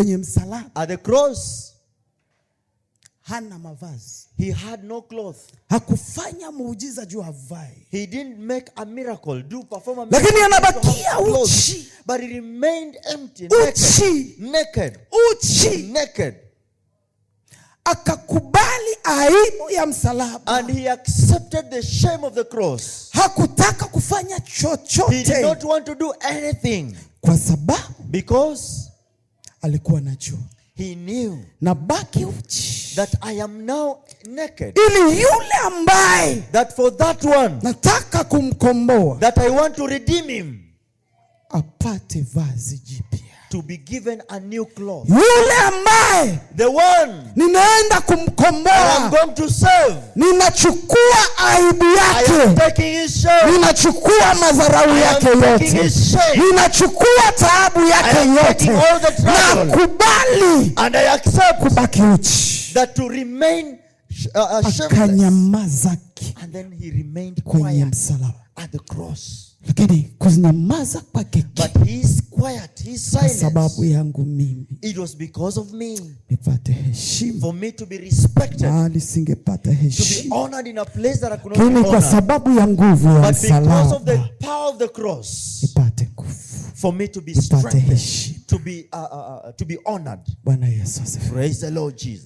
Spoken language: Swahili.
kwenye msalaba at the cross hana mavazi he had no cloth hakufanya muujiza juu avae he didn't make a miracle do perform a miracle lakini anabakia uchi but he remained empty uchi naked uchi naked akakubali aibu ya msalaba and he accepted the shame of the cross hakutaka kufanya chochote he did not want to do anything kwa sababu because alikuwa anajua. He knew na baki uchi that I am now naked, ili yule ambaye that for that one nataka kumkomboa that I want to redeem him apate vazi jipya to be given a new cloth, yule ambaye The one ninaenda kumkomboa, ninachukua aibu yake, ninachukua madharau yake yote, ninachukua taabu yake yote, na kubali kubaki uchi. Uh, uh, Akanyamaza kwenye msalaba, lakini kunyamaza kwake acquired his silence. Sababu yangu mimi. It was because of me. Nipate heshima. For me to be respected. Mahali singepata heshima. To be honored in a place that I could not be honored. Kwa sababu ya nguvu ya msalaba. But because of the power of the cross. Nipate nguvu. For me to be strengthened. To be uh, uh, uh, to be honored. Bwana Yesu asifiwe. Praise the Lord Jesus.